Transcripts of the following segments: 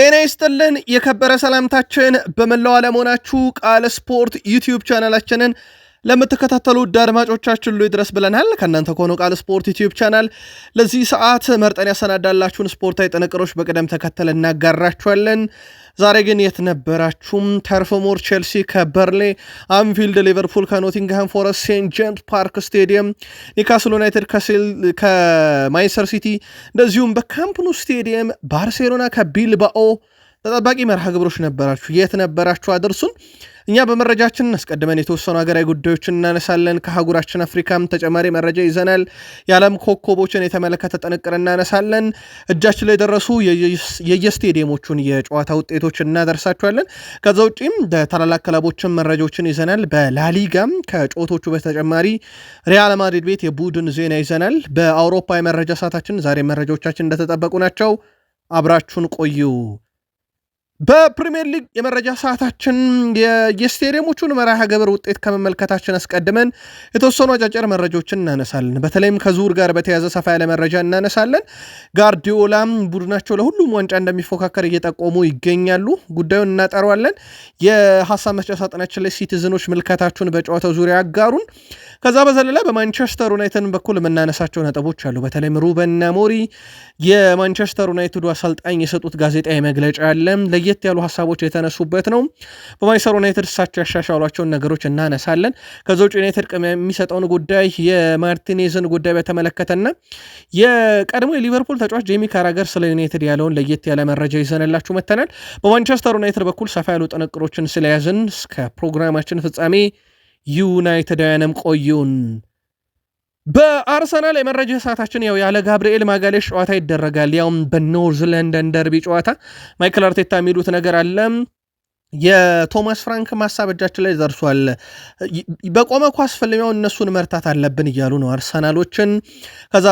ጤና ይስጥልን የከበረ ሰላምታችን በመላው ዓለም ሆናችሁ ቃል ስፖርት ዩቲዩብ ቻናላችንን ለምትከታተሉ ውድ አድማጮቻችን ሉ ይድረስ ብለናል። ከእናንተ ከሆነው ቃል ስፖርት ዩቲዩብ ቻናል ለዚህ ሰዓት መርጠን ያሰናዳላችሁን ስፖርታዊ ጥንቅሮች በቅደም ተከተል እናጋራችኋለን። ዛሬ ግን የት ነበራችሁም? ተርፍ ሙር ቼልሲ ከበርሌ፣ አንፊልድ ሊቨርፑል ከኖቲንግሃም ፎረስት፣ ሴንት ጄምስ ፓርክ ስቴዲየም ኒካስል ዩናይትድ ከማንቸስተር ሲቲ እንደዚሁም በካምፕኑ ስቴዲየም ባርሴሎና ከቢልባኦ ተጠባቂ መርሃ ግብሮች ነበራችሁ፣ የት ነበራችሁ? አድርሱን። እኛ በመረጃችን አስቀድመን የተወሰኑ ሀገራዊ ጉዳዮችን እናነሳለን። ከአህጉራችን አፍሪካም ተጨማሪ መረጃ ይዘናል። የዓለም ኮከቦችን የተመለከተ ጥንቅር እናነሳለን። እጃችን ላይ የደረሱ የየስቴዲየሞቹን የጨዋታ ውጤቶች እናደርሳችኋለን። ከዛ ውጪም በታላላቅ ክለቦችን መረጃዎችን ይዘናል። በላሊጋም ከጮቶቹ በተጨማሪ ሪያል ማድሪድ ቤት የቡድን ዜና ይዘናል። በአውሮፓ የመረጃ ሰዓታችን ዛሬ መረጃዎቻችን እንደተጠበቁ ናቸው። አብራችሁን ቆዩ። በፕሪምየር ሊግ የመረጃ ሰዓታችን የስቴዲየሞቹን መርሃ ግብር ውጤት ከመመልከታችን አስቀድመን የተወሰኑ አጫጭር መረጃዎችን እናነሳለን። በተለይም ከዙር ጋር በተያዘ ሰፋ ያለ መረጃ እናነሳለን። ጋርዲዮላም ቡድናቸው ለሁሉም ዋንጫ እንደሚፎካከር እየጠቆሙ ይገኛሉ። ጉዳዩን እናጠረዋለን የሀሳብ መስጫ ሳጥናችን ላይ ሲቲዝኖች ምልከታችሁን በጨዋታው ዙሪያ አጋሩን። ከዛ በዘለላ በማንቸስተር ዩናይትድ በኩል የምናነሳቸው ነጥቦች አሉ። በተለይም ሩበን አሞሪ የማንቸስተር ዩናይትዱ አሰልጣኝ የሰጡት ጋዜጣዊ መግለጫ አለ። ለየት ያሉ ሀሳቦች የተነሱበት ነው። በማንቸስተር ዩናይትድ እሳቸው ያሻሻሏቸውን ነገሮች እናነሳለን። ከዛ ውጭ ዩናይትድ ቅድሚያ የሚሰጠውን ጉዳይ የማርቲኔዝን ጉዳይ በተመለከተና የቀድሞ የሊቨርፑል ተጫዋች ጄሚ ካራገር ስለ ዩናይትድ ያለውን ለየት ያለ መረጃ ይዘንላችሁ መተናል። በማንቸስተር ዩናይትድ በኩል ሰፋ ያሉ ጥንቅሮችን ስለያዝን እስከ ፕሮግራማችን ፍጻሜ ዩናይትዳውያንም ቆዩን። በአርሰናል የመረጃ ሰዓታችን ያው ያለ ጋብርኤል ማጋሌሽ ጨዋታ ይደረጋል። ያውም በኖርዝ ለንደን ደርቢ ጨዋታ ማይክል አርቴታ የሚሉት ነገር አለም የቶማስ ፍራንክ ማሳብ እጃችን ላይ ደርሷል። በቆመ ኳስ ፍልሚያው እነሱን መርታት አለብን እያሉ ነው አርሰናሎችን። ከዛ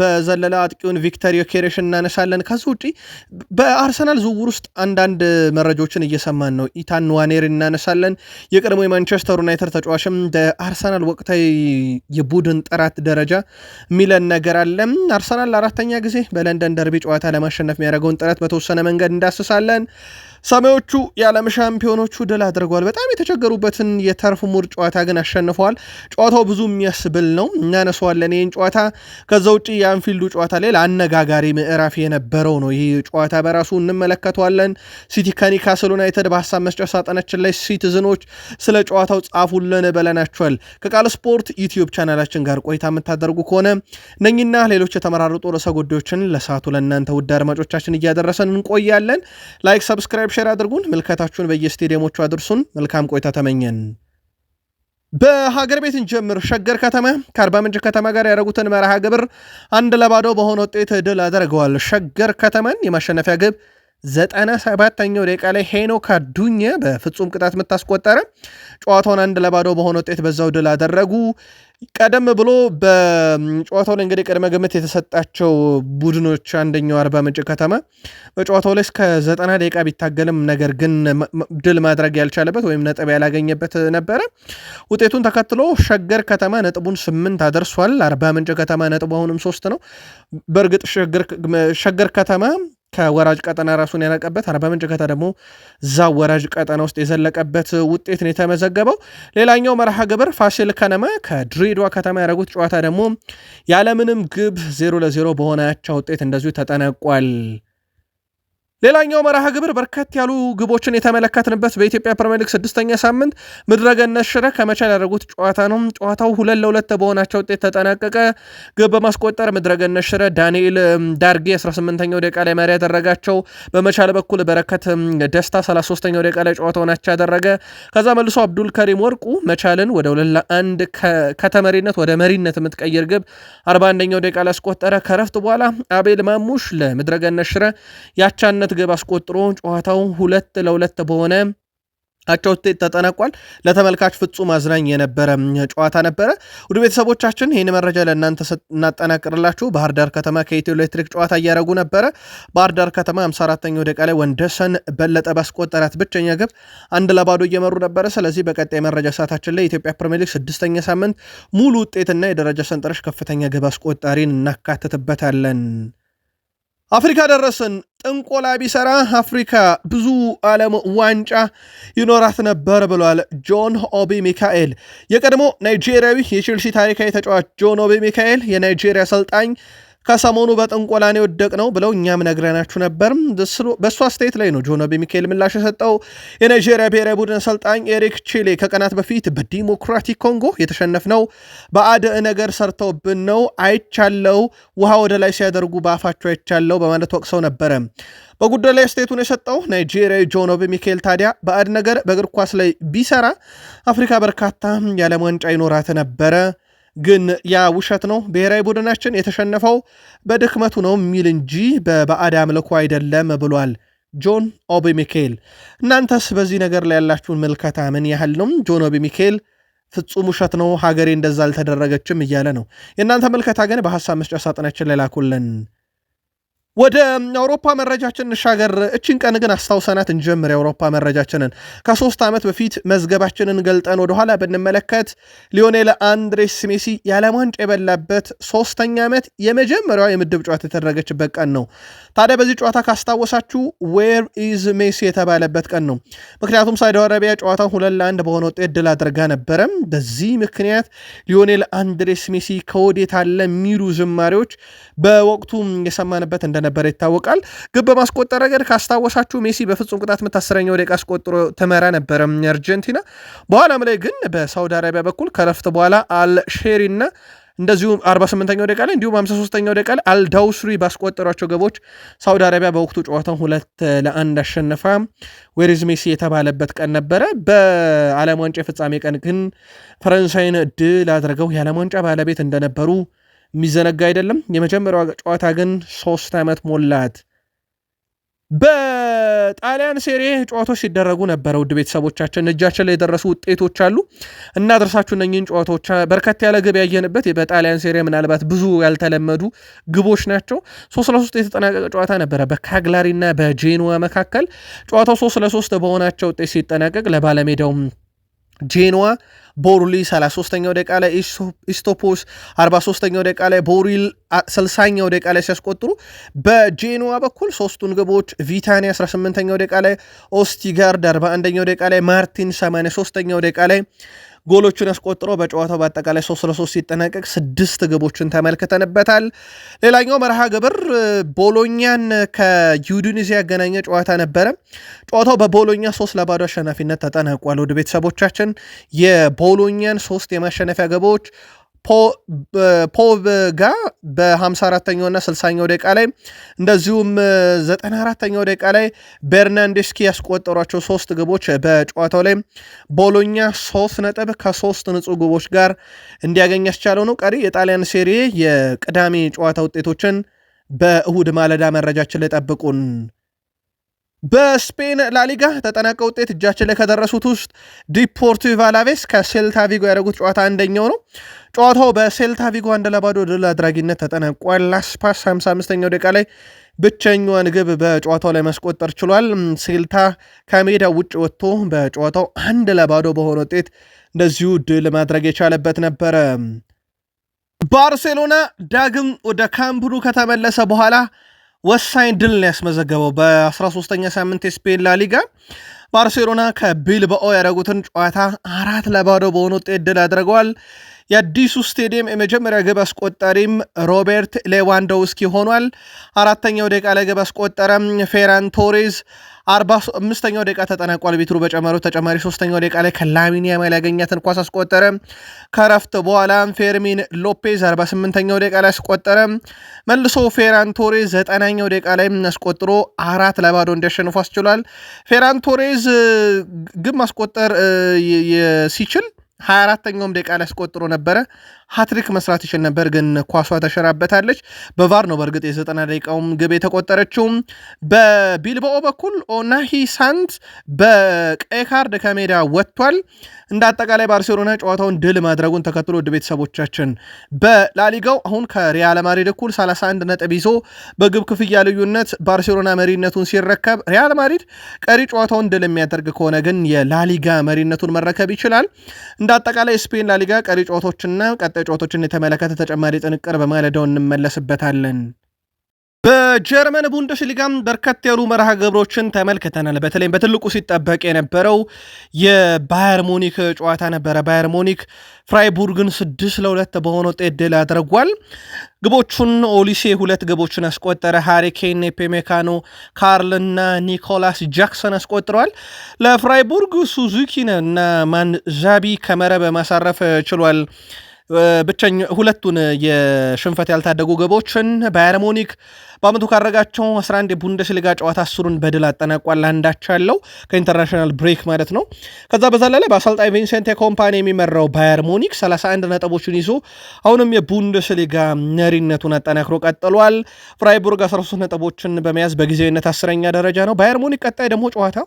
በዘለላ አጥቂውን ቪክተር ዮኬሬሽ እናነሳለን። ከዚ ውጪ በአርሰናል ዝውውር ውስጥ አንዳንድ መረጃዎችን እየሰማን ነው። ኢታን ዋኔር እናነሳለን። የቀድሞ የማንቸስተር ዩናይትድ ተጫዋችም በአርሰናል ወቅታዊ የቡድን ጥራት ደረጃ ሚለን ነገር አለ። አርሰናል ለአራተኛ ጊዜ በለንደን ደርቢ ጨዋታ ለማሸነፍ የሚያደርገውን ጥረት በተወሰነ መንገድ እንዳስሳለን። ሰማዮቹ የዓለም ሻምፒዮኖቹ ድል አድርጓል። በጣም የተቸገሩበትን የተርፍ ሙር ጨዋታ ግን አሸንፈዋል። ጨዋታው ብዙ የሚያስብል ነው፣ እናነሰዋለን ይህን ጨዋታ። ከዛ ውጭ የአንፊልዱ ጨዋታ ሌላ አነጋጋሪ ምዕራፍ የነበረው ነው። ይህ ጨዋታ በራሱ እንመለከተዋለን። ሲቲ ከኒካስል ዩናይትድ በሀሳብ መስጫ ሳጥናችን ላይ ሲቲዝኖች ስለ ጨዋታው ጻፉልን በለናቸዋል። ከቃል ስፖርት ዩቲዩብ ቻናላችን ጋር ቆይታ የምታደርጉ ከሆነ እነኝና ሌሎች የተመራረጡ ርዕሰ ጉዳዮችን ለሰዓቱ ለእናንተ ውድ አድማጮቻችን እያደረሰን እንቆያለን። ላይክ ሰብስክራይብ ሰብስክራይብ፣ ሼር አድርጉን። ምልከታችሁን በየስቴዲየሞቹ አድርሱን። መልካም ቆይታ ተመኘን። በሀገር ቤት እንጀምር። ሸገር ከተማ ከአርባ ምንጭ ከተማ ጋር ያደረጉትን መርሃ ግብር አንድ ለባዶ በሆነ ውጤት ድል አደርገዋል። ሸገር ከተማን የማሸነፊያ ግብ ዘጠና ሰባተኛው ደቂቃ ላይ ሄኖክ አዱኘ በፍጹም ቅጣት የምታስቆጠረ ጨዋታውን አንድ ለባዶ በሆነ ውጤት በዛው ድል አደረጉ። ቀደም ብሎ በጨዋታው ላይ እንግዲህ ቅድመ ግምት የተሰጣቸው ቡድኖች አንደኛው አርባ ምንጭ ከተማ በጨዋታው ላይ እስከ ዘጠና ደቂቃ ቢታገልም ነገር ግን ድል ማድረግ ያልቻለበት ወይም ነጥብ ያላገኘበት ነበረ። ውጤቱን ተከትሎ ሸገር ከተማ ነጥቡን ስምንት አደርሷል። አርባ ምንጭ ከተማ ነጥቡ አሁንም ሶስት ነው። በእርግጥ ሸገር ከተማ ከወራጅ ቀጠና ራሱን ያነቀበት አርባ ምንጭ ከተማ ደግሞ እዛ ወራጅ ቀጠና ውስጥ የዘለቀበት ውጤት ነው የተመዘገበው። ሌላኛው መርሃ ግብር ፋሲል ከነማ ከድሬዳዋ ከተማ ያደረጉት ጨዋታ ደግሞ ያለምንም ግብ ዜሮ ለዜሮ በሆነ አቻ ውጤት እንደዚሁ ተጠናቋል። ሌላኛው መርሃ ግብር በርከት ያሉ ግቦችን የተመለከትንበት በኢትዮጵያ ፕሪምየር ሊግ ስድስተኛ ሳምንት ምድረገነት ሽረ ከመቻል ያደረጉት ጨዋታ ነው። ጨዋታው ሁለት ለሁለት በሆናቸው ውጤት ተጠናቀቀ። ግብ በማስቆጠር ምድረገነት ሽረ ዳንኤል ዳርጌ 18ኛው ደቂቃ ላይ መሪ ያደረጋቸው፣ በመቻል በኩል በረከት ደስታ 33ኛው ደቂቃ ላይ ጨዋታውን አቻ ያደረገ። ከዛ መልሶ አብዱል ከሪም ወርቁ መቻልን ወደ ሁለት ለአንድ ከተመሪነት ወደ መሪነት የምትቀይር ግብ 41ኛው ደቂቃ ላይ አስቆጠረ። ከረፍት በኋላ አቤል ማሙሽ ለምድረገነት ሽረ ያቻነት የቅጣት ግብ አስቆጥሮ ጨዋታው ሁለት ለሁለት በሆነ አቻ ውጤት ተጠናቋል። ለተመልካች ፍጹም አዝናኝ የነበረ ጨዋታ ነበረ። ውድ ቤተሰቦቻችን ይህን መረጃ ለእናንተ እናጠናቅርላችሁ። ባህር ዳር ከተማ ከኢትዮ ኤሌክትሪክ ጨዋታ እያደረጉ ነበረ። ባህር ዳር ከተማ 54ኛው ደቂቃ ላይ ወንደሰን በለጠ ባስቆጠራት ብቸኛ ግብ አንድ ለባዶ እየመሩ ነበረ። ስለዚህ በቀጣይ መረጃ ሰዓታችን ላይ የኢትዮጵያ ፕሪሚየር ሊግ ስድስተኛ ሳምንት ሙሉ ውጤትና የደረጃ ሰንጠረዥ ከፍተኛ ግብ አስቆጣሪን እናካትትበታለን። አፍሪካ ደረስን። ጥንቆላ ቢሰራ አፍሪካ ብዙ ዓለም ዋንጫ ይኖራት ነበር ብሏል ጆን ኦቢ ሚካኤል። የቀድሞ ናይጄሪያዊ የቼልሲ ታሪካዊ ተጫዋች ጆን ኦቢ ሚካኤል የናይጄሪያ አሰልጣኝ ከሰሞኑ በጥንቆላን የወደቅ ነው ብለው እኛም ነግረናችሁ ነበር። በእሱ አስተያየት ላይ ነው ጆኖቢ ሚካኤል ምላሽ የሰጠው። የናይጄሪያ ብሔራዊ ቡድን አሰልጣኝ ኤሪክ ቺሌ ከቀናት በፊት በዲሞክራቲክ ኮንጎ የተሸነፍነው በአድ ነገር ሰርተውብን ነው አይቻለው፣ ውሃ ወደ ላይ ሲያደርጉ በአፋቸው አይቻለው በማለት ወቅሰው ነበረ። በጉዳይ ላይ አስተያየቱን የሰጠው ናይጄሪያዊ ጆኖቢ ሚካኤል ታዲያ በአድ ነገር በእግር ኳስ ላይ ቢሰራ አፍሪካ በርካታ የዓለም ዋንጫ ይኖራት ነበረ ግን ያ ውሸት ነው። ብሔራዊ ቡድናችን የተሸነፈው በድክመቱ ነው የሚል እንጂ በባዕድ አምልኮ አይደለም ብሏል ጆን ኦቢ ሚካኤል። እናንተስ በዚህ ነገር ላይ ያላችሁን ምልከታ ምን ያህል ነው? ጆን ኦቢ ሚካኤል ፍጹም ውሸት ነው፣ ሀገሬ እንደዛ አልተደረገችም እያለ ነው። የእናንተ ምልከታ ግን በሀሳብ መስጫ ሳጥናችን ላይ ላኩልን። ወደ አውሮፓ መረጃችን እንሻገር። እችን ቀን ግን አስታውሰናት እንጀምር። የአውሮፓ መረጃችንን ከሶስት ዓመት በፊት መዝገባችንን ገልጠን ወደኋላ ብንመለከት ሊዮኔል አንድሬስ ሜሲ የዓለም ዋንጫ የበላበት ሶስተኛ ዓመት የመጀመሪያዋ የምድብ ጨዋታ የተደረገችበት ቀን ነው። ታዲያ በዚህ ጨዋታ ካስታወሳችሁ ዌር ኢዝ ሜሲ የተባለበት ቀን ነው። ምክንያቱም ሳውዲ አረቢያ ጨዋታውን ሁለት ለአንድ በሆነ ውጤት ድል አድርጋ ነበረም። በዚህ ምክንያት ሊዮኔል አንድሬስ ሜሲ ከወዴት አለ የሚሉ ዝማሬዎች በወቅቱ የሰማንበት እንደ እንደነበረ ይታወቃል። ግብ በማስቆጠር ረገድ ካስታወሳችሁ ሜሲ በፍጹም ቅጣት ምት አስረኛው ደቂቃ አስቆጥሮ ትመራ ነበረ አርጀንቲና። በኋላም ላይ ግን በሳውዲ አረቢያ በኩል ከረፍት በኋላ አልሼሪና እንደዚሁም 48ኛው ደቂቃ ላይ እንዲሁም 53ኛው ደቂቃ ላይ አልዳውስሪ ባስቆጠሯቸው ገቦች ሳውዲ አረቢያ በወቅቱ ጨዋታን ሁለት ለአንድ አሸነፋ። ዌሪዝ ሜሲ የተባለበት ቀን ነበረ። በዓለም ዋንጫ የፍጻሜ ቀን ግን ፈረንሳይን ድል አድርገው የዓለም ዋንጫ ባለቤት እንደነበሩ የሚዘነጋ አይደለም። የመጀመሪያዋ ጨዋታ ግን ሶስት ዓመት ሞላት። በጣሊያን ሴሬ ጨዋታዎች ሲደረጉ ነበረ። ውድ ቤተሰቦቻችን እጃችን ላይ የደረሱ ውጤቶች አሉ እና ደርሳችሁ እነኝህን ጨዋታዎች በርከት ያለ ግብ ያየንበት በጣሊያን ሴሬ ምናልባት ብዙ ያልተለመዱ ግቦች ናቸው። ሶስት ለሶስት የተጠናቀቀ ጨዋታ ነበረ በካግላሪ በጄኖዋ መካከል። ጨዋታው ሶስት ለሶስት በሆናቸው ውጤት ሲጠናቀቅ ለባለሜዳውም ጄኖዋ ቦሩሊ 33ኛው ደቂቃ ላይ ኢስቶፖስ 43ኛው ደቂቃ ላይ ቦሪል 60ኛው ደቂቃ ላይ ሲያስቆጥሩ በጄኖዋ በኩል ሶስቱን ግቦች ቪታኒ 18ኛው ደቂቃ ላይ ኦስቲጋርድ 41ኛው ደቂቃ ላይ ማርቲን 83ኛው ደቂቃ ላይ ጎሎቹን ያስቆጥሮ በጨዋታው በአጠቃላይ ሶስት ለሶስት ሲጠናቀቅ ስድስት ግቦችን ተመልክተንበታል። ሌላኛው መርሃ ግብር ቦሎኛን ከዩዱኒዚ ያገናኘ ጨዋታ ነበረ። ጨዋታው በቦሎኛ ሶስት ለባዶ አሸናፊነት ተጠናቋል። ወደ ቤተሰቦቻችን የቦሎኛን ሶስት የማሸነፊያ ግቦች ጋር በ54ተኛውና 60ኛው ደቂቃ ላይ እንደዚሁም 94ተኛው ደቂቃ ላይ በርናንዴስኪ ያስቆጠሯቸው ሶስት ግቦች በጨዋታው ላይ ቦሎኛ ሶስት ነጥብ ከሶስት ንጹህ ግቦች ጋር እንዲያገኝ ያስቻለው ነው። ቀሪ የጣሊያን ሴሪ የቅዳሜ ጨዋታ ውጤቶችን በእሁድ ማለዳ መረጃችን ላይ ጠብቁን። በስፔን ላሊጋ ተጠናቀ ውጤት እጃችን ላይ ከደረሱት ውስጥ ዲፖርቲቭ አላቬስ ከሴልታ ቪጎ ያደረጉት ጨዋታ አንደኛው ነው። ጨዋታው በሴልታ ቪጎ አንድ ለባዶ ድል አድራጊነት ተጠናቋል። ላስፓስ 55ኛው ደቂቃ ላይ ብቸኛዋን ግብ በጨዋታው ላይ ማስቆጠር ችሏል። ሴልታ ከሜዳ ውጭ ወጥቶ በጨዋታው አንድ ለባዶ በሆነ ውጤት እንደዚሁ ድል ማድረግ የቻለበት ነበረ። ባርሴሎና ዳግም ወደ ካምፕኑ ከተመለሰ በኋላ ወሳኝ ድል ነው ያስመዘገበው። በ13ኛ ሳምንት የስፔን ላሊጋ ባርሴሎና ከቢልባኦ ያደረጉትን ጨዋታ አራት ለባዶ በሆኑ ውጤት ድል አድርገዋል። የአዲሱ ስቴዲየም የመጀመሪያ ግብ አስቆጠሪም ሮቤርት ሌዋንዶውስኪ ሆኗል። አራተኛው ደቂቃ ላይ ግብ አስቆጠረም ፌራን ቶሬዝ አርባ አምስተኛው ደቂቃ ተጠናቋል። ቤትሩ በጨመረው ተጨማሪ ሶስተኛው ደቂቃ ላይ ከላሚን ያማል ያገኛትን ኳስ አስቆጠረ። ከረፍት በኋላ ፌርሚን ሎፔዝ አርባ ስምንተኛው ደቂቃ ላይ አስቆጠረ። መልሶ ፌራን ቶሬዝ ዘጠናኛው ደቂቃ ላይ አስቆጥሮ አራት ለባዶ እንዲያሸንፉ አስችሏል። ፌራን ቶሬዝ ግብ ማስቆጠር ሲችል ሀያ አራተኛውም ደቂቃ ላይ አስቆጥሮ ነበረ። ሀትሪክ መስራት ይችል ነበር፣ ግን ኳሷ ተሸራበታለች። በቫር ነው በእርግጥ የዘጠና ደቂቃውም ግብ የተቆጠረችው። በቢልባኦ በኩል ኦናሂ ሳንት በቀይ ካርድ ከሜዳ ወጥቷል። እንደ አጠቃላይ ባርሴሎና ጨዋታውን ድል ማድረጉን ተከትሎ ውድ ቤተሰቦቻችን በላሊጋው አሁን ከሪያል ማድሪድ እኩል 31 ነጥብ ይዞ በግብ ክፍያ ልዩነት ባርሴሎና መሪነቱን ሲረከብ፣ ሪያል ማድሪድ ቀሪ ጨዋታውን ድል የሚያደርግ ከሆነ ግን የላሊጋ መሪነቱን መረከብ ይችላል። እንደ አጠቃላይ ስፔን ላሊጋ ቀሪ ጨዋታዎችና ቀጣይ ተጫዋቾችን የተመለከተ ተጨማሪ ጥንቅር በማለዳው እንመለስበታለን። በጀርመን ቡንደስሊጋም በርከት ያሉ መርሃ ግብሮችን ተመልክተናል። በተለይም በትልቁ ሲጠበቅ የነበረው የባየር ሙኒክ ጨዋታ ነበረ። ባየር ሙኒክ ፍራይቡርግን ስድስት ለሁለት በሆነ ውጤት ድል አድርጓል። ግቦቹን ኦሊሴ ሁለት ግቦችን አስቆጠረ። ሃሪኬን፣ ኤፔሜካኖ፣ ካርልና ኒኮላስ ጃክሰን አስቆጥረዋል። ለፍራይቡርግ ሱዙኪን እና ማንዛቢ ከመረብ ማሳረፍ ችሏል። ብቸኛ ሁለቱን የሽንፈት ያልታደጉ ግቦችን ባየር ሙኒክ በአመቱ ካረጋቸው 11 የቡንደስሊጋ ጨዋታ አስሩን በድል አጠናቋል። አንዳች ያለው ከኢንተርናሽናል ብሬክ ማለት ነው። ከዛ በዘለለ በአሰልጣኝ ቪንሴንቴ ኮምፓኒ የሚመራው ባየር ሙኒክ 31 ነጥቦችን ይዞ አሁንም የቡንደስሊጋ መሪነቱን አጠናክሮ ቀጥሏል። ፍራይቡርግ 13 ነጥቦችን በመያዝ በጊዜያዊነት አስረኛ ደረጃ ነው። ባየር ሙኒክ ቀጣይ ደግሞ ጨዋታው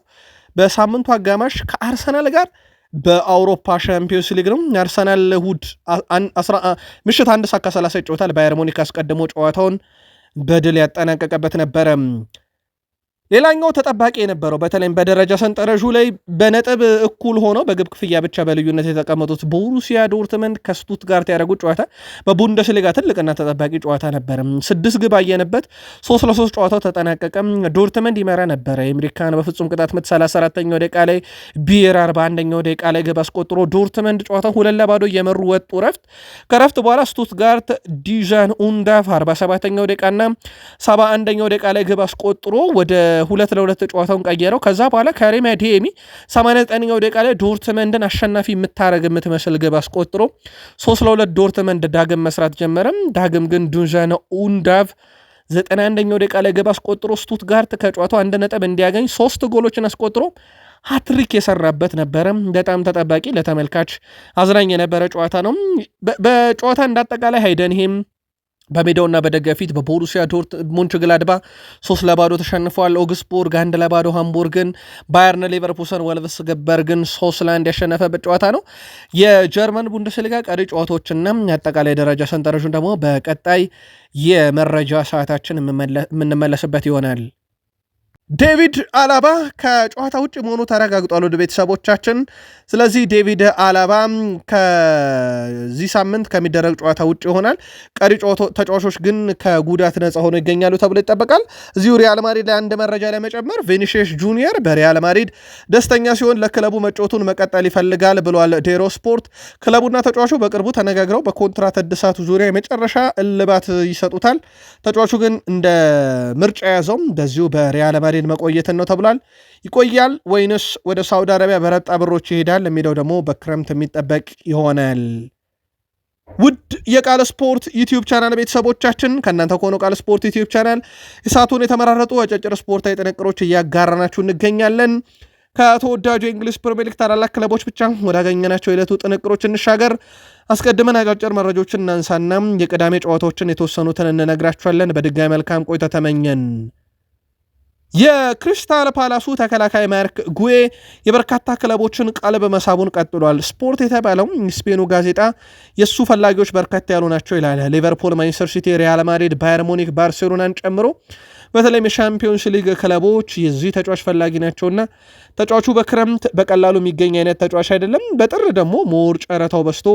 በሳምንቱ አጋማሽ ከአርሰናል ጋር በአውሮፓ ሻምፒዮንስ ነው። አርሰናል እሁድ ምሽት አንድ ሰዓት ከሰላሳ ይጫወታል። ባየር ሙኒክ አስቀድሞ ጨዋታውን በድል ያጠናቀቀበት ነበረ። ሌላኛው ተጠባቂ የነበረው በተለይም በደረጃ ሰንጠረዡ ላይ በነጥብ እኩል ሆነው በግብ ክፍያ ብቻ በልዩነት የተቀመጡት ቦሩሲያ ዶርትመንድ ጋር ያደረጉት ጨዋታ በቡንደስሊጋ ትልቅና ተጠባቂ ጨዋታ ነበር። ስድስት ግብ አየንበት። ሶስት ለሶስት ጨዋታው ተጠናቀቀ። ዶርትመንድ ይመራ ነበረ። የአሜሪካን በፍጹም ቅጣት ምት 34ኛው ደቂቃ ላይ ቢየር 41ኛው ደቂቃ ላይ ግብ አስቆጥሮ ዶርትመንድ ጨዋታ ሁለት ለባዶ እየመሩ ወጡ ረፍት። ከረፍት በኋላ ጋር ዲዣን ኡንዳፍ 47ኛው ደቂቃና 71ኛው ደቂቃ ላይ ግብ አስቆጥሮ ወደ ሁለት ለሁለት ጨዋታውን ቀየረው። ከዛ በኋላ ከሬማ ዲኤሚ 89ኛው ደቂቃ ላይ ዶርትመንድን አሸናፊ የምታደረግ የምትመስል ግብ አስቆጥሮ ሶስት ለሁለት ዶርትመንድ ዳግም መስራት ጀመረም። ዳግም ግን ዱንዣነ ኡንዳቭ 91ኛው ደቂቃ ላይ ግብ አስቆጥሮ ስቱትጋርት ከጨዋታው አንድ ነጥብ እንዲያገኝ ሶስት ጎሎችን አስቆጥሮ ሀትሪክ የሰራበት ነበረ። በጣም ተጠባቂ ለተመልካች አዝናኝ የነበረ ጨዋታ ነው። በጨዋታ እንዳጠቃላይ ሀይደንሄም በሜዳውና በደገፊት በቦሩሲያ ዶርትሙንድ ግላድባ ሶስት ለባዶ ተሸንፏል። ኦግስቡርግ አንድ ለባዶ ሃምቡርግን፣ ባየርን ሌቨርፑሰን ወልቭስ ገበርግን ሶስት ለአንድ ያሸነፈበት ጨዋታ ነው። የጀርመን ቡንደስሊጋ ቀሪ ጨዋታዎችና አጠቃላይ ደረጃ ሰንጠረሹን ደግሞ በቀጣይ የመረጃ ሰዓታችን የምንመለስበት ይሆናል። ዴቪድ አላባ ከጨዋታ ውጭ መሆኑ ተረጋግጧል። ወደ ቤተሰቦቻችን ስለዚህ ዴቪድ አላባ ከዚህ ሳምንት ከሚደረግ ጨዋታ ውጭ ይሆናል። ቀሪ ተጫዋቾች ግን ከጉዳት ነፃ ሆነው ይገኛሉ ተብሎ ይጠበቃል። እዚሁ ሪያል ማድሪድ ላይ አንድ መረጃ ለመጨመር ቬኒሽስ ጁኒየር በሪያል ማድሪድ ደስተኛ ሲሆን ለክለቡ መጫወቱን መቀጠል ይፈልጋል ብሏል ዴሮ ስፖርት። ክለቡና ተጫዋቹ በቅርቡ ተነጋግረው በኮንትራት እድሳቱ ዙሪያ የመጨረሻ እልባት ይሰጡታል። ተጫዋቹ ግን እንደ ምርጫ ያዘውም በዚሁ በሪያል ማድሪድ መቆየትን ነው ተብሏል። ይቆያል ወይንስ ወደ ሳውዲ አረቢያ በረጣ ብሮች ይሄዳል ይሄዳል የሚለው ደግሞ በክረምት የሚጠበቅ ይሆናል። ውድ የቃል ስፖርት ዩቲዩብ ቻናል ቤተሰቦቻችን ከእናንተ ከሆነው ቃል ስፖርት ዩቲዩብ ቻናል እሳቱን የተመራረጡ አጫጭር ስፖርታዊ ጥንቅሮች እያጋራናችሁ እንገኛለን። ከተወዳጁ የእንግሊዝ ፕሪሚየር ሊግ ታላላቅ ክለቦች ብቻ ወዳገኘናቸው የዕለቱ ጥንቅሮች እንሻገር። አስቀድመን አጫጭር መረጃዎችን እናንሳና የቅዳሜ ጨዋታዎችን የተወሰኑትን እንነግራችኋለን። በድጋሚ መልካም ቆይታ ተመኘን። የክሪስታል ፓላሱ ተከላካይ ማርክ ጉዌ የበርካታ ክለቦችን ቀልብ መሳቡን ቀጥሏል። ስፖርት የተባለው ስፔኑ ጋዜጣ የእሱ ፈላጊዎች በርካታ ያሉ ናቸው ይላል። ሊቨርፑል፣ ማንቸስተር ሲቲ፣ ሪያል ማድሪድ፣ ባየር ሙኒክ፣ ባርሴሎናን ጨምሮ በተለይም የሻምፒዮንስ ሊግ ክለቦች የዚህ ተጫዋች ፈላጊ ናቸውና ተጫዋቹ በክረምት በቀላሉ የሚገኝ አይነት ተጫዋች አይደለም። በጥር ደግሞ ሞር ጨረታው በስቶ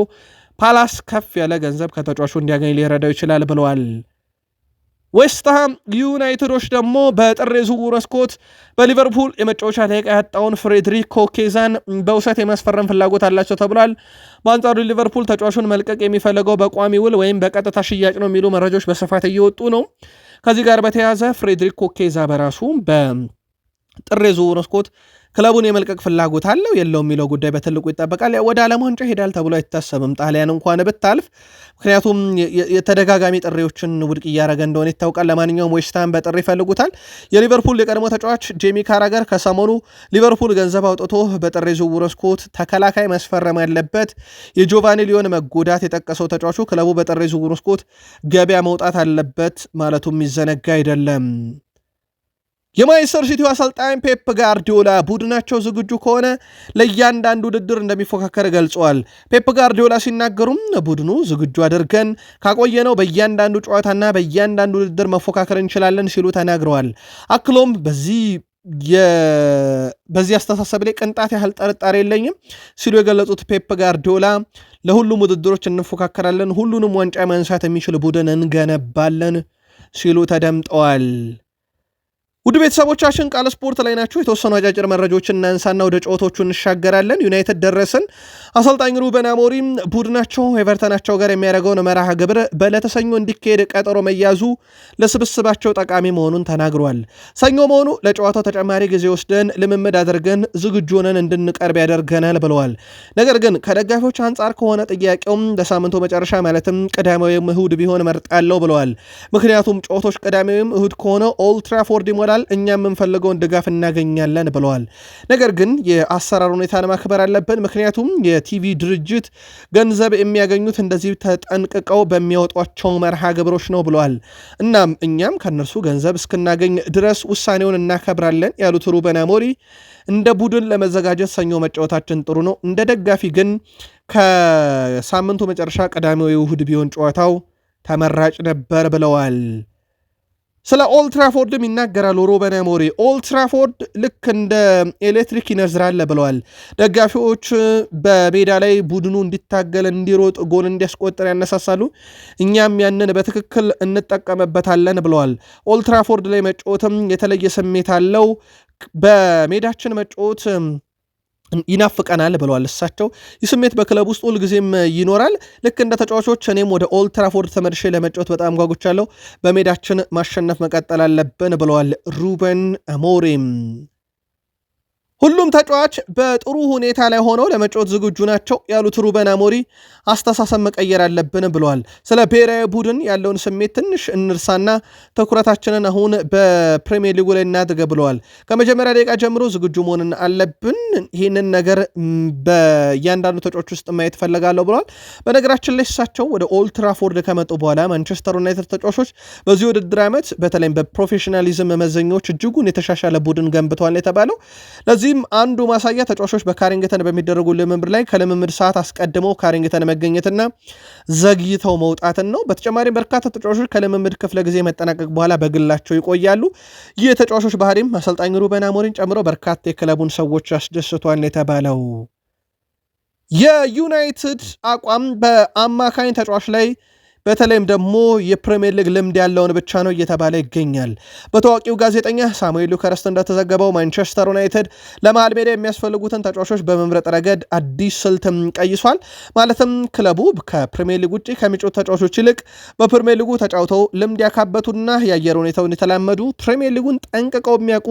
ፓላስ ከፍ ያለ ገንዘብ ከተጫዋቹ እንዲያገኝ ሊረዳው ይችላል ብለዋል። ዌስትሃም ዩናይትዶች ደግሞ በጥር የዝውውር መስኮት በሊቨርፑል የመጫወቻ ደቂቃ ያጣውን ፍሬድሪኮ ኬዛን በውሰት የማስፈረም ፍላጎት አላቸው ተብሏል። በአንጻሩ ሊቨርፑል ተጫዋቹን መልቀቅ የሚፈልገው በቋሚ ውል ወይም በቀጥታ ሽያጭ ነው የሚሉ መረጃዎች በስፋት እየወጡ ነው። ከዚህ ጋር በተያያዘ ፍሬድሪኮ ኬዛ በራሱ በጥር የዝውውር መስኮት ክለቡን የመልቀቅ ፍላጎት አለው የለው የሚለው ጉዳይ በትልቁ ይጠበቃል። ወደ ዓለም ዋንጫ ይሄዳል ተብሎ አይታሰብም ጣሊያን እንኳን ብታልፍ፣ ምክንያቱም የተደጋጋሚ ጥሪዎችን ውድቅ እያደረገ እንደሆነ ይታወቃል። ለማንኛውም ዌስትሃም በጥሪ ይፈልጉታል። የሊቨርፑል የቀድሞ ተጫዋች ጄሚ ካራገር ከሰሞኑ ሊቨርፑል ገንዘብ አውጥቶ በጥሪ ዝውውር መስኮት ተከላካይ መስፈረም ያለበት የጆቫኒ ሊዮን መጎዳት የጠቀሰው ተጫዋቹ ክለቡ በጥሪ ዝውውር መስኮት ገበያ መውጣት አለበት ማለቱ የሚዘነጋ አይደለም። የማንቸስተር ሲቲው አሰልጣኝ ፔፕ ጋርዲዮላ ቡድናቸው ዝግጁ ከሆነ ለእያንዳንድ ውድድር እንደሚፎካከር ገልጸዋል። ፔፕ ጋርዲዮላ ሲናገሩም ቡድኑ ዝግጁ አድርገን ካቆየነው በእያንዳንዱ ጨዋታና በእያንዳንድ ውድድር መፎካከር እንችላለን ሲሉ ተናግረዋል። አክሎም በዚህ በዚህ አስተሳሰብ ላይ ቅንጣት ያህል ጥርጣሬ የለኝም ሲሉ የገለጹት ፔፕ ጋርዲዮላ ለሁሉም ውድድሮች እንፎካከራለን፣ ሁሉንም ዋንጫ ማንሳት የሚችል ቡድን እንገነባለን ሲሉ ተደምጠዋል። ውድ ቤተሰቦቻችን ቃል ስፖርት ላይ ናቸው። የተወሰኑ አጫጭር መረጃዎችን እናንሳና ወደ ጨዋታዎቹ እንሻገራለን። ዩናይትድ ደረስን አሰልጣኝ ሩበን አሞሪም ቡድናቸው ኤቨርተናቸው ጋር የሚያደርገውን መርሃ ግብር በለተሰኞ እንዲካሄድ ቀጠሮ መያዙ ለስብስባቸው ጠቃሚ መሆኑን ተናግሯል። ሰኞ መሆኑ ለጨዋታው ተጨማሪ ጊዜ ወስደን ልምምድ አድርገን ዝግጁ ሆነን እንድንቀርብ ያደርገናል ብለዋል። ነገር ግን ከደጋፊዎች አንጻር ከሆነ ጥያቄውም ለሳምንቱ መጨረሻ ማለትም ቅዳሜ ወይም እሁድ ቢሆን መርጣለሁ ብለዋል። ምክንያቱም ጨዋታዎች ቅዳሜ ወይም እሁድ ከሆነ ኦልትራፎርድ ይሞላል፣ እኛ የምንፈልገውን ድጋፍ እናገኛለን ብለዋል። ነገር ግን የአሰራር ሁኔታን ማክበር አለብን ምክንያቱም የቲቪ ድርጅት ገንዘብ የሚያገኙት እንደዚህ ተጠንቅቀው በሚያወጧቸው መርሃ ግብሮች ነው ብለዋል። እናም እኛም ከእነርሱ ገንዘብ እስክናገኝ ድረስ ውሳኔውን እናከብራለን ያሉት ሩበን አሞሪ እንደ ቡድን ለመዘጋጀት ሰኞ መጫወታችን ጥሩ ነው፣ እንደ ደጋፊ ግን ከሳምንቱ መጨረሻ ቅዳሜ ወይ እሁድ ቢሆን ጨዋታው ተመራጭ ነበር ብለዋል። ስለ ኦልትራፎርድም ይናገራል ሩበን አሞሪ። ኦልትራፎርድ ልክ እንደ ኤሌክትሪክ ይነዝራል ብለዋል። ደጋፊዎች በሜዳ ላይ ቡድኑ እንዲታገል፣ እንዲሮጥ፣ ጎል እንዲያስቆጥር ያነሳሳሉ። እኛም ያንን በትክክል እንጠቀምበታለን ብለዋል። ኦልትራፎርድ ላይ መጫወትም የተለየ ስሜት አለው። በሜዳችን መጫወት ይናፍቀናል ብለዋል። እሳቸው ይህ ስሜት በክለብ ውስጥ ሁልጊዜም ይኖራል። ልክ እንደ ተጫዋቾች እኔም ወደ ኦልድ ትራፎርድ ተመልሼ ለመጫወት በጣም ጓጉቻለሁ። በሜዳችን ማሸነፍ መቀጠል አለብን ብለዋል ሩበን አሞሪም። ሁሉም ተጫዋች በጥሩ ሁኔታ ላይ ሆነው ለመጫወት ዝግጁ ናቸው ያሉት ሩበን አሞሪ አስተሳሰብ መቀየር አለብን ብለዋል። ስለ ብሔራዊ ቡድን ያለውን ስሜት ትንሽ እንርሳና ትኩረታችንን አሁን በፕሪሚየር ሊጉ ላይ እናድርግ ብለዋል። ከመጀመሪያ ደቂቃ ጀምሮ ዝግጁ መሆንን አለብን። ይህንን ነገር በእያንዳንዱ ተጫዋች ውስጥ ማየት እፈልጋለሁ ብለዋል። በነገራችን ላይ እሳቸው ወደ ኦልትራፎርድ ከመጡ በኋላ ማንቸስተር ዩናይትድ ተጫዋቾች በዚህ ውድድር ዓመት በተለይም በፕሮፌሽናሊዝም መዘኛዎች እጅጉን የተሻሻለ ቡድን ገንብተዋል የተባለው ለዚህ ለዚህም አንዱ ማሳያ ተጫዋቾች በካሪንግተን በሚደረጉ ልምምድ ላይ ከልምምድ ሰዓት አስቀድመው ካሪንግተን መገኘትና ዘግይተው መውጣትን ነው። በተጨማሪም በርካታ ተጫዋቾች ከልምምድ ክፍለ ጊዜ መጠናቀቅ በኋላ በግላቸው ይቆያሉ። ይህ የተጫዋቾች ባህሪም አሰልጣኝ ሩበን አሞሪን ጨምሮ በርካታ የክለቡን ሰዎች አስደስቷል የተባለው የዩናይትድ አቋም በአማካኝ ተጫዋች ላይ በተለይም ደግሞ የፕሪምየር ሊግ ልምድ ያለውን ብቻ ነው እየተባለ ይገኛል። በታዋቂው ጋዜጠኛ ሳሙኤል ሉከረስት እንደተዘገበው ማንቸስተር ዩናይትድ ለመሃል ሜዳ የሚያስፈልጉትን ተጫዋቾች በመምረጥ ረገድ አዲስ ስልትም ቀይሷል። ማለትም ክለቡ ከፕሪምየር ሊግ ውጭ ከሚጮት ተጫዋቾች ይልቅ በፕሪምየር ሊጉ ተጫውተው ልምድ ያካበቱና የአየር ሁኔታውን የተላመዱ ፕሪምየር ሊጉን ጠንቅቀው የሚያውቁ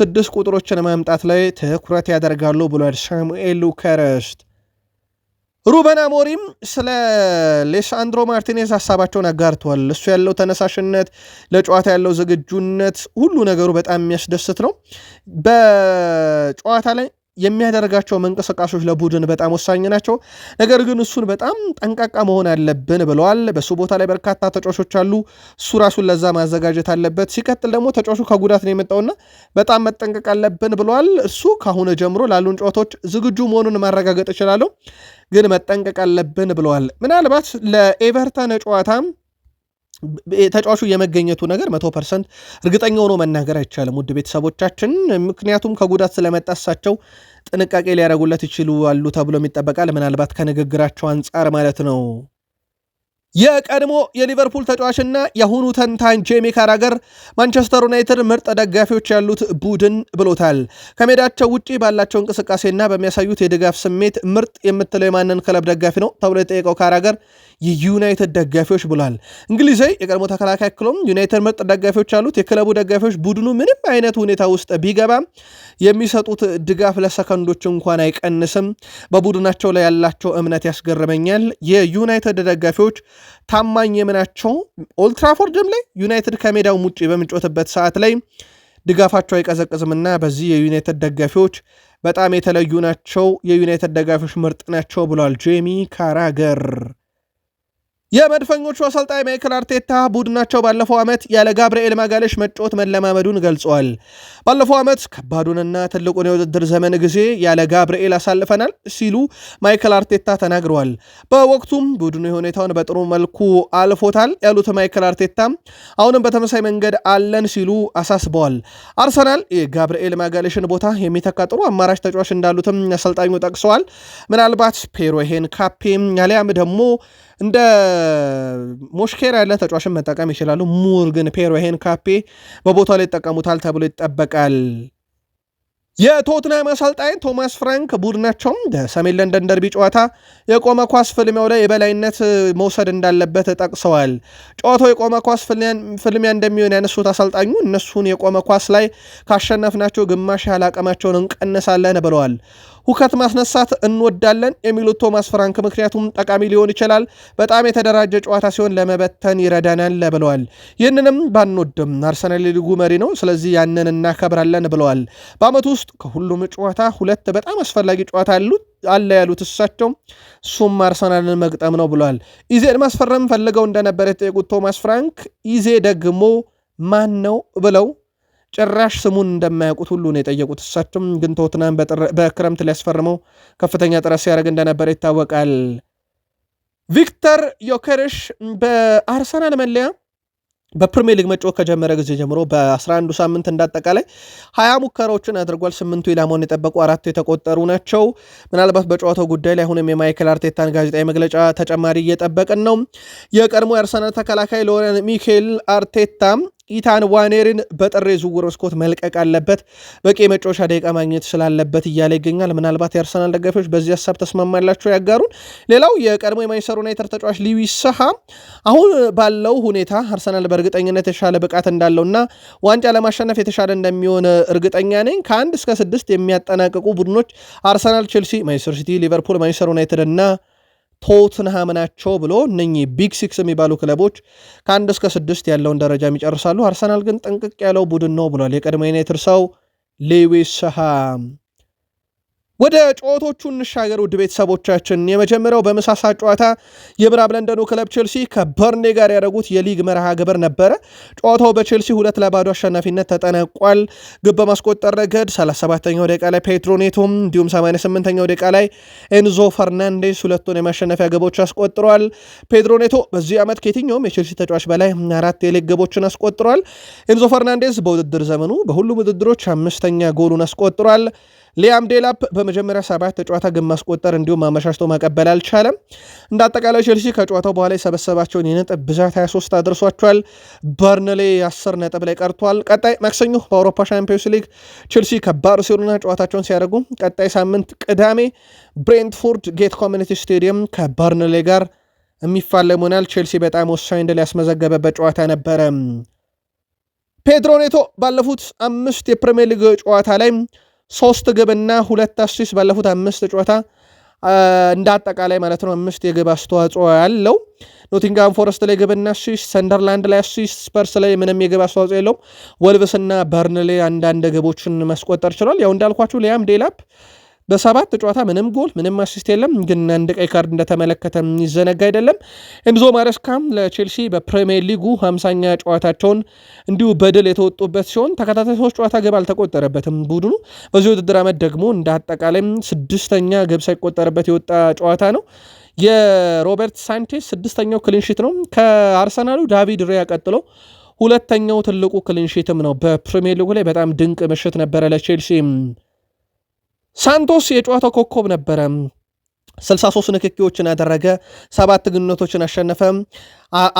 ስድስት ቁጥሮችን ማምጣት ላይ ትኩረት ያደርጋሉ ብሏል ሳሙኤል ሉከረስት። ሩበን አሞሪም ስለ ሌሳንድሮ ማርቲኔዝ ሀሳባቸውን አጋርተዋል። እሱ ያለው ተነሳሽነት፣ ለጨዋታ ያለው ዝግጁነት፣ ሁሉ ነገሩ በጣም የሚያስደስት ነው። በጨዋታ ላይ የሚያደርጋቸው እንቅስቃሴዎች ለቡድን በጣም ወሳኝ ናቸው። ነገር ግን እሱን በጣም ጠንቃቃ መሆን አለብን ብለዋል። በሱ ቦታ ላይ በርካታ ተጫዋቾች አሉ። እሱ ራሱን ለዛ ማዘጋጀት አለበት። ሲቀጥል ደግሞ ተጫዋቹ ከጉዳት ነው የመጣውና በጣም መጠንቀቅ አለብን ብለዋል። እሱ ከአሁን ጀምሮ ላሉን ጨዋታዎች ዝግጁ መሆኑን ማረጋገጥ እችላለሁ። ግን መጠንቀቅ አለብን ብለዋል። ምናልባት ለኤቨርተን ጨዋታ ተጫዋቹ የመገኘቱ ነገር መቶ ፐርሰንት እርግጠኛ ሆኖ መናገር አይቻልም፣ ውድ ቤተሰቦቻችን። ምክንያቱም ከጉዳት ስለመጣ እሳቸው ጥንቃቄ ሊያደርጉለት አሉ ተብሎም ይጠበቃል። ምናልባት ከንግግራቸው አንጻር ማለት ነው። የቀድሞ የሊቨርፑል ተጫዋችና የአሁኑ ተንታኝ ጄሚ ካራገር ማንቸስተር ዩናይትድ ምርጥ ደጋፊዎች ያሉት ቡድን ብሎታል። ከሜዳቸው ውጪ ባላቸው እንቅስቃሴና በሚያሳዩት የድጋፍ ስሜት ምርጥ የምትለው የማንን ክለብ ደጋፊ ነው ተብሎ የጠየቀው ካራገር የዩናይትድ ደጋፊዎች ብሏል። እንግሊዛዊ የቀድሞ ተከላካይ ክሎም ዩናይትድ ምርጥ ደጋፊዎች ያሉት የክለቡ ደጋፊዎች ቡድኑ ምንም አይነት ሁኔታ ውስጥ ቢገባም የሚሰጡት ድጋፍ ለሰከንዶች እንኳን አይቀንስም። በቡድናቸው ላይ ያላቸው እምነት ያስገርመኛል። የዩናይትድ ደጋፊዎች ታማኝ የምናቸው ኦልትራፎርድም ላይ ዩናይትድ ከሜዳውም ውጭ በምንጮትበት ሰዓት ላይ ድጋፋቸው አይቀዘቅዝምና በዚህ የዩናይትድ ደጋፊዎች በጣም የተለዩ ናቸው፣ የዩናይትድ ደጋፊዎች ምርጥ ናቸው ብሏል ጄሚ ካራገር። የመድፈኞቹ አሰልጣኝ ማይክል አርቴታ ቡድናቸው ባለፈው ዓመት ያለ ጋብርኤል ማጋለሽ መጫወት መለማመዱን ገልጸዋል። ባለፈው ዓመት ከባዱንና ትልቁን የውድድር ዘመን ጊዜ ያለ ጋብርኤል አሳልፈናል ሲሉ ማይክል አርቴታ ተናግረዋል። በወቅቱም ቡድኑ ሁኔታውን በጥሩ መልኩ አልፎታል ያሉት ማይክል አርቴታ አሁንም በተመሳሳይ መንገድ አለን ሲሉ አሳስበዋል። አርሰናል የጋብርኤል ማጋለሽን ቦታ የሚተካ ጥሩ አማራጭ ተጫዋች እንዳሉትም አሰልጣኙ ጠቅሰዋል። ምናልባት ፔሮሄን ካፔም ያሊያም ደግሞ እንደ ሞሽኬራ ያለ ተጫዋችን መጠቀም ይችላሉ። ሙር ግን ፔሮ ይሄን ካፔ በቦታው ላይ ይጠቀሙታል ተብሎ ይጠበቃል። የቶትናም አሰልጣኝ ቶማስ ፍራንክ ቡድናቸውም በሰሜን ለንደን ደርቢ ጨዋታ የቆመ ኳስ ፍልሚያው ላይ የበላይነት መውሰድ እንዳለበት ጠቅሰዋል። ጨዋታው የቆመ ኳስ ፍልሚያ እንደሚሆን ያነሱት አሰልጣኙ እነሱን የቆመ ኳስ ላይ ካሸነፍናቸው ግማሽ ያህል አቅማቸውን እንቀንሳለን ብለዋል። ሁከት ማስነሳት እንወዳለን የሚሉት ቶማስ ፍራንክ ምክንያቱም ጠቃሚ ሊሆን ይችላል፣ በጣም የተደራጀ ጨዋታ ሲሆን ለመበተን ይረዳናል ብለዋል። ይህንንም ባንወድም አርሰናል የሊጉ መሪ ነው፣ ስለዚህ ያንን እናከብራለን ብለዋል። በአመቱ ውስጥ ከሁሉም ጨዋታ ሁለት በጣም አስፈላጊ ጨዋታ ያሉት አለ ያሉት እሳቸው እሱም አርሰናልን መግጠም ነው ብለዋል። ኢዜን ማስፈረም ፈልገው እንደነበረ የተጠየቁት ቶማስ ፍራንክ ኢዜ ደግሞ ማን ነው ብለው ጭራሽ ስሙን እንደማያውቁት ሁሉ ነው የጠየቁት። እሳቸውም ግን ቶትናም በክረምት ሊያስፈርመው ከፍተኛ ጥረት ሲያደርግ እንደነበረ ይታወቃል። ቪክተር ዮከርሽ በአርሰናል መለያ በፕሪሚየር ሊግ መጫወት ከጀመረ ጊዜ ጀምሮ በ11 ሳምንት እንዳጠቃላይ ሀያ ሙከራዎችን አድርጓል። ስምንቱ ኢላማውን የጠበቁ አራቱ የተቆጠሩ ናቸው። ምናልባት በጨዋታው ጉዳይ ላይ አሁንም የማይክል አርቴታን ጋዜጣዊ መግለጫ ተጨማሪ እየጠበቅን ነው። የቀድሞ የአርሰናል ተከላካይ ሎረን ሚኬል አርቴታ ኢታን ዋኔርን በጥር የዝውውር መስኮት መልቀቅ አለበት፣ በቂ የመጫወቻ ደቂቃ ማግኘት ስላለበት እያለ ይገኛል። ምናልባት የአርሰናል ደጋፊዎች በዚህ ሀሳብ ተስማማላቸው ያጋሩን። ሌላው የቀድሞ የማንቸስተር ዩናይትድ ተጫዋች ሊዊስ ሰሃ አሁን ባለው ሁኔታ አርሰናል በእርግጠኝነት የተሻለ ብቃት እንዳለውና ዋንጫ ለማሸነፍ የተሻለ እንደሚሆን እርግጠኛ ነኝ። ከአንድ እስከ ስድስት የሚያጠናቅቁ ቡድኖች አርሰናል፣ ቼልሲ፣ ማንችስተር ሲቲ፣ ሊቨርፑል፣ ማንችስተር ዩናይትድ እና ቶትንሃም ናቸው ብሎ እነኚህ ቢግ ሲክስ የሚባሉ ክለቦች ከአንድ እስከ ስድስት ያለውን ደረጃ ይጨርሳሉ። አርሰናል ግን ጥንቅቅ ያለው ቡድን ነው ብሏል የቀድሞ ዩናይትድ ሰው ሌዊስ ሃም ወደ ጨዋታዎቹ እንሻገር ውድ ቤተሰቦቻችን። የመጀመሪያው በምሳ ጨዋታ የምዕራብ ለንደኑ ክለብ ቼልሲ ከበርኔ ጋር ያደረጉት የሊግ መርሃ ግብር ነበረ። ጨዋታው በቼልሲ ሁለት ለባዶ አሸናፊነት ተጠናቋል። ግብ በማስቆጠር ረገድ 37ኛው ደቂቃ ላይ ፔድሮ ኔቶም እንዲሁም 88ኛው ደቂቃ ላይ ኤንዞ ፈርናንዴስ ሁለቱን የማሸነፊያ ግቦች አስቆጥሯል። ፔድሮ ኔቶ በዚህ ዓመት ከየትኛውም የቼልሲ ተጫዋች በላይ አራት የሊግ ግቦችን አስቆጥሯል። ኤንዞ ፈርናንዴስ በውድድር ዘመኑ በሁሉም ውድድሮች አምስተኛ ጎሉን አስቆጥሯል። ሊያም ዴላፕ በመጀመሪያ ሰባት ጨዋታ ግን ማስቆጠር እንዲሁም አመሻሽቶ መቀበል አልቻለም። እንደ አጠቃላይ ቼልሲ ከጨዋታው በኋላ የሰበሰባቸውን የነጥብ ብዛት 23 አድርሷቸዋል። በርንሌ 10 ነጥብ ላይ ቀርቷል። ቀጣይ ማክሰኞ በአውሮፓ ሻምፒዮንስ ሊግ ቼልሲ ከባርሴሎና ጨዋታቸውን ሲያደርጉ፣ ቀጣይ ሳምንት ቅዳሜ ብሬንትፎርድ ጌት ኮሚኒቲ ስቴዲየም ከበርንሌ ጋር የሚፋለም ሆናል። ቼልሲ በጣም ወሳኝ ድል ያስመዘገበበት ጨዋታ ነበረ። ፔድሮ ኔቶ ባለፉት አምስት የፕሪምየር ሊግ ጨዋታ ላይ ሶስት ግብና ሁለት አሲስት ባለፉት አምስት ጨዋታ እንደ አጠቃላይ ማለት ነው አምስት የግብ አስተዋጽኦ ያለው ኖቲንግሃም ፎረስት ላይ ግብና አሲስት፣ ሰንደርላንድ ላይ አሲስት፣ ስፐርስ ላይ ምንም የግብ አስተዋጽኦ የለውም። ወልብስና በርንሌ አንዳንድ ግቦችን መስቆጠር ችሏል። ያው እንዳልኳችሁ ሊያም ዴላፕ በሰባት ጨዋታ ምንም ጎል ምንም አሲስት የለም፣ ግን አንድ ቀይ ካርድ እንደተመለከተ ይዘነጋ አይደለም። ኤንዞ ማሬስካም ለቼልሲ በፕሪሚየር ሊጉ ሀምሳኛ ጨዋታቸውን እንዲሁ በድል የተወጡበት ሲሆን ተከታታይ ሶስት ጨዋታ ግብ አልተቆጠረበትም ቡድኑ በዚህ ውድድር ዓመት ደግሞ እንደ አጠቃላይም ስድስተኛ ግብ ሳይቆጠርበት የወጣ ጨዋታ ነው። የሮበርት ሳንቼስ ስድስተኛው ክሊንሺት ነው። ከአርሰናሉ ዳቪድ ሪያ ቀጥሎ ሁለተኛው ትልቁ ክሊንሺትም ነው በፕሪሚየር ሊጉ ላይ። በጣም ድንቅ ምሽት ነበረ ለቼልሲ። ሳንቶስ የጨዋታው ኮከብ ነበረ። 63 ንክኪዎችን ያደረገ፣ ሰባት ግንኙነቶችን አሸነፈ፣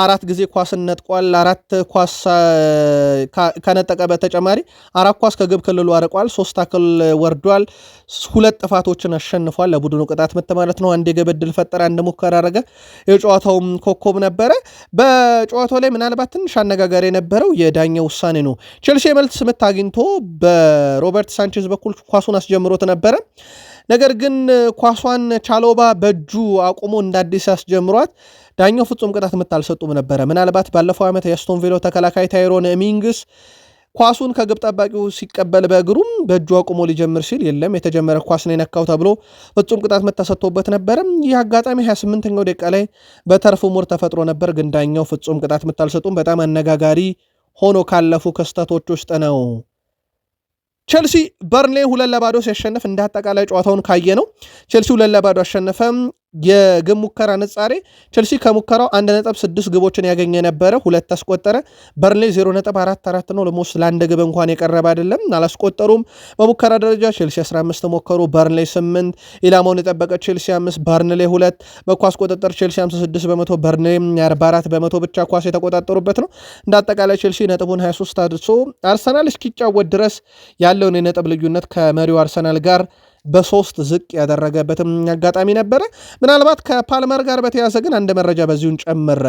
አራት ጊዜ ኳስን ነጥቋል። አራት ኳስ ከነጠቀ በተጨማሪ አራት ኳስ ከግብ ክልሉ አርቋል፣ ሶስት አክል ወርዷል፣ ሁለት ጥፋቶችን አሸንፏል። ለቡድኑ ቅጣት ምት ማለት ነው። አንድ የግብ ዕድል ፈጠረ፣ አንድ ሙከራ አረገ። የጨዋታውም ኮከብ ነበረ። በጨዋታው ላይ ምናልባት ትንሽ አነጋጋሪ የነበረው የዳኛ ውሳኔ ነው። ቼልሲ የመልስ ምት አግኝቶ በሮበርት ሳንቼዝ በኩል ኳሱን አስጀምሮት ነበረ ነገር ግን ኳሷን ቻሎባ በእጁ አቁሞ እንዳዲስ ያስጀምሯት። ዳኛው ፍጹም ቅጣት ምት አልሰጡም ነበረ። ምናልባት ባለፈው ዓመት የአስቶን ቪሎ ተከላካይ ታይሮን ሚንግስ ኳሱን ከግብ ጠባቂው ሲቀበል በእግሩም በእጁ አቁሞ ሊጀምር ሲል የለም የተጀመረ ኳስን የነካው ተብሎ ፍጹም ቅጣት ምት ተሰጥቶበት ይህ አጋጣሚ 28ኛው ደቂቃ ላይ በተርፍ ሙር ተፈጥሮ ነበር፣ ግን ዳኛው ፍጹም ቅጣት ምት አልሰጡም። በጣም አነጋጋሪ ሆኖ ካለፉ ክስተቶች ውስጥ ነው። ቸልሲ በርንሌ ሁለት ለባዶ ሲያሸንፍ እንደ አጠቃላይ ጨዋታውን ካየ ነው ቸልሲ ሁለት ለባዶ አሸነፈ። የግብ ሙከራ ንጻሬ ቸልሲ ከሙከራው 1.6 ግቦችን ያገኘ ነበረ፣ ሁለት አስቆጠረ። በርሌ 0.44 ነው። ለሞስ ለአንድ ግብ እንኳን የቀረበ አይደለም፣ አላስቆጠሩም። በሙከራ ደረጃ ቸልሲ 15 ሞከሩ፣ በርንሌ 8። ኢላማውን የጠበቀ ቸልሲ 5 በርንሌ 2። በኳስ ቁጥጥር ቸልሲ 56 በመቶ በርንሌ 44 በመቶ ብቻ ኳስ የተቆጣጠሩበት ነው። እንደ አጠቃላይ ቸልሲ ነጥቡን 23 አድርሶ አርሰናል እስኪጫወት ድረስ ያለውን የነጥብ ልዩነት ከመሪው አርሰናል ጋር በሶስት ዝቅ ያደረገበትም አጋጣሚ ነበረ። ምናልባት ከፓልመር ጋር በተያዘ ግን አንድ መረጃ በዚሁን ጨምር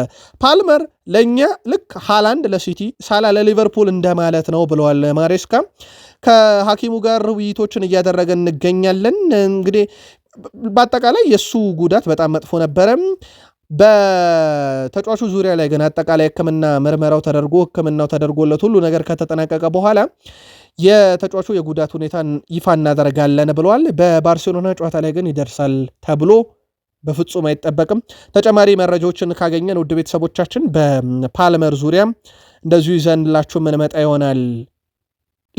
ፓልመር ለእኛ ልክ ሃላንድ ለሲቲ ሳላ ለሊቨርፑል እንደማለት ነው ብለዋል ማሬስካ። ከሐኪሙ ጋር ውይይቶችን እያደረገ እንገኛለን። እንግዲህ በአጠቃላይ የእሱ ጉዳት በጣም መጥፎ ነበረ። በተጫዋቹ ዙሪያ ላይ ግን አጠቃላይ ሕክምና ምርመራው ተደርጎ ሕክምናው ተደርጎለት ሁሉ ነገር ከተጠናቀቀ በኋላ የተጫዋቹ የጉዳት ሁኔታን ይፋ እናደርጋለን ብለዋል። በባርሴሎና ጨዋታ ላይ ግን ይደርሳል ተብሎ በፍጹም አይጠበቅም። ተጨማሪ መረጃዎችን ካገኘን ውድ ቤተሰቦቻችን በፓልመር ዙሪያ እንደዚሁ ይዘንላችሁ ምንመጣ ይሆናል።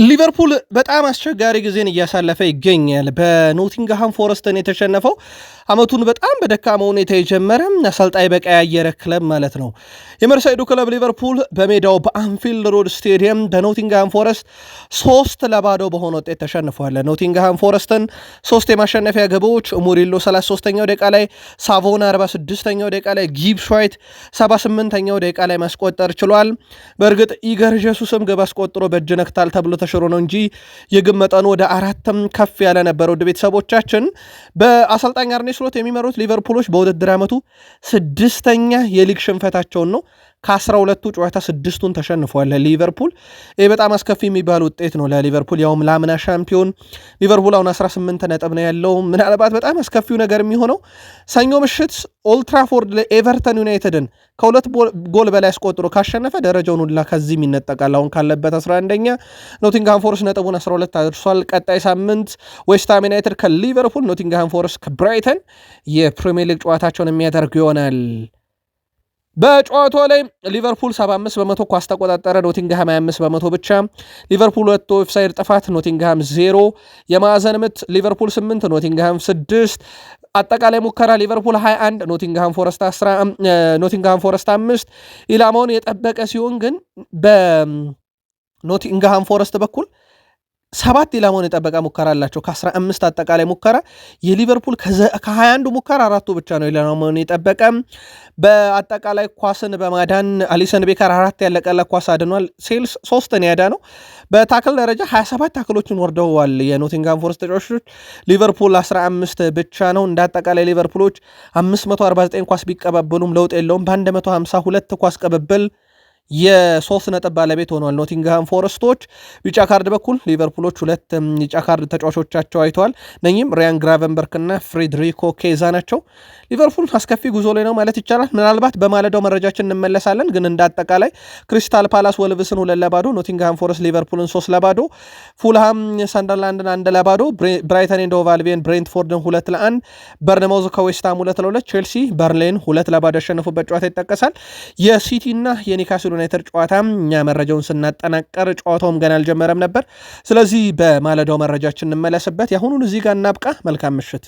ሊቨርፑል በጣም አስቸጋሪ ጊዜን እያሳለፈ ይገኛል። በኖቲንግሃም ፎረስትን የተሸነፈው አመቱን በጣም በደካማ ሁኔታ የጀመረ አሰልጣኝ በቀያየረ ክለብ ማለት ነው። የመርሳይዱ ክለብ ሊቨርፑል በሜዳው በአንፊልድ ሮድ ስቴዲየም በኖቲንግሃም ፎረስት ሶስት ለባዶ በሆነ ውጤት ተሸንፏል። ኖቲንግሃም ፎረስትን ሶስት የማሸነፊያ ግቦች ሙሪሎ 33ኛው ደቂቃ ላይ፣ ሳቮና 46ኛው ደቂቃ ላይ፣ ጊብስ ዋይት 78ኛው ደቂቃ ላይ ማስቆጠር ችሏል። በእርግጥ ኢገር ጀሱስም ግብ አስቆጥሮ በእጅ ነክታል ተብሎ ተሽሮ ነው እንጂ የግብ መጠኑ ወደ አራትም ከፍ ያለ ነበረ። ውድ ቤተሰቦቻችን በአሰልጣኝ አርኔ ስሎት የሚመሩት ሊቨርፑሎች በውድድር ዓመቱ ስድስተኛ የሊግ ሽንፈታቸውን ነው ከ 12 ጨዋታ ስድስቱን ተሸንፏል ሊቨርፑል። ይህ በጣም አስከፊ የሚባል ውጤት ነው ለሊቨርፑል ያውም ለአምና ሻምፒዮን። ሊቨርፑል አሁን 18 ነጥብ ነው ያለው። ምናልባት በጣም አስከፊው ነገር የሚሆነው ሰኞ ምሽት ኦልትራፎርድ ለኤቨርተን ዩናይትድን ከሁለት ጎል በላይ አስቆጥሮ ካሸነፈ ደረጃውን ሁላ ከዚህም ይነጠቃል። አሁን ካለበት 11ኛ ኖቲንግሃም ፎረስት ነጥቡን 12 አድርሷል። ቀጣይ ሳምንት ዌስትሃም ዩናይትድ ከሊቨርፑል፣ ኖቲንግሃም ፎረስት ከብራይተን የፕሪሚየር ሊግ ጨዋታቸውን የሚያደርጉ ይሆናል። በጨዋታ ላይ ሊቨርፑል 75 በመቶ ኳስ ተቆጣጠረ፣ ኖቲንግሃም 25 በመቶ ብቻ። ሊቨርፑል ወጥቶ ኦፍሳይድ ጥፋት፣ ኖቲንግሃም 0። የማዕዘን ምት ሊቨርፑል 8፣ ኖቲንግሃም 6። አጠቃላይ ሙከራ ሊቨርፑል 21፣ ኖቲንግሃም ፎረስት 10፣ ኖቲንግሃም ፎረስት 5። ኢላማውን የጠበቀ ሲሆን ግን በኖቲንግሃም ፎረስት በኩል ሰባት ኢላማውን የጠበቀ ሙከራ አላቸው። ከ15 አጠቃላይ ሙከራ የሊቨርፑል ከ21 ሙከራ አራቱ ብቻ ነው ኢላማውን የጠበቀ። በአጠቃላይ ኳስን በማዳን አሊሰን ቤከር አራት ያለቀለ ኳስ አድኗል። ሴልስ ሶስትን ያዳ ነው። በታክል ደረጃ 27 ታክሎችን ወርደዋል የኖቲንጋም ፎረስት ተጫዋቾች፣ ሊቨርፑል 15 ብቻ ነው። እንደ አጠቃላይ ሊቨርፑሎች 549 ኳስ ቢቀበብሉም ለውጥ የለውም በ152 ኳስ ቅብብል የሶስት ነጥብ ባለቤት ሆኗል። ኖቲንግሃም ፎረስቶች ቢጫ ካርድ በኩል ሊቨርፑሎች ሁለት ቢጫ ካርድ ተጫዋቾቻቸው አይተዋል። ነኝም ሪያን ግራቨንበርክ ግራቨንበርክና ፍሬድሪኮ ኬዛ ናቸው። ሊቨርፑል አስከፊ ጉዞ ላይ ነው ማለት ይቻላል። ምናልባት በማለዳው መረጃችን እንመለሳለን። ግን እንዳጠቃላይ ክሪስታል ፓላስ ወልቭስን ሁለት ለባዶ፣ ኖቲንግሃም ፎረስት ሊቨርፑልን ሶስት ለባዶ፣ ፉልሃም ሰንደርላንድን አንድ ለባዶ፣ ብራይተን ኤንድ ሆቭ አልቢዮን ብሬንትፎርድን ሁለት ለአንድ፣ በርነማውዝ ከዌስትሃም ሁለት ለሁለት፣ ቼልሲ በርሊን ሁለት ለባዶ ያሸነፉበት ጨዋታ ይጠቀሳል። የሲቲ እና የኒካስሉ ዩናይትድ ጨዋታ እኛ መረጃውን ስናጠናቀር ጨዋታውም ገና አልጀመረም ነበር። ስለዚህ በማለዳው መረጃችን እንመለስበት። የአሁኑን እዚህ ጋር እናብቃ። መልካም ምሽት።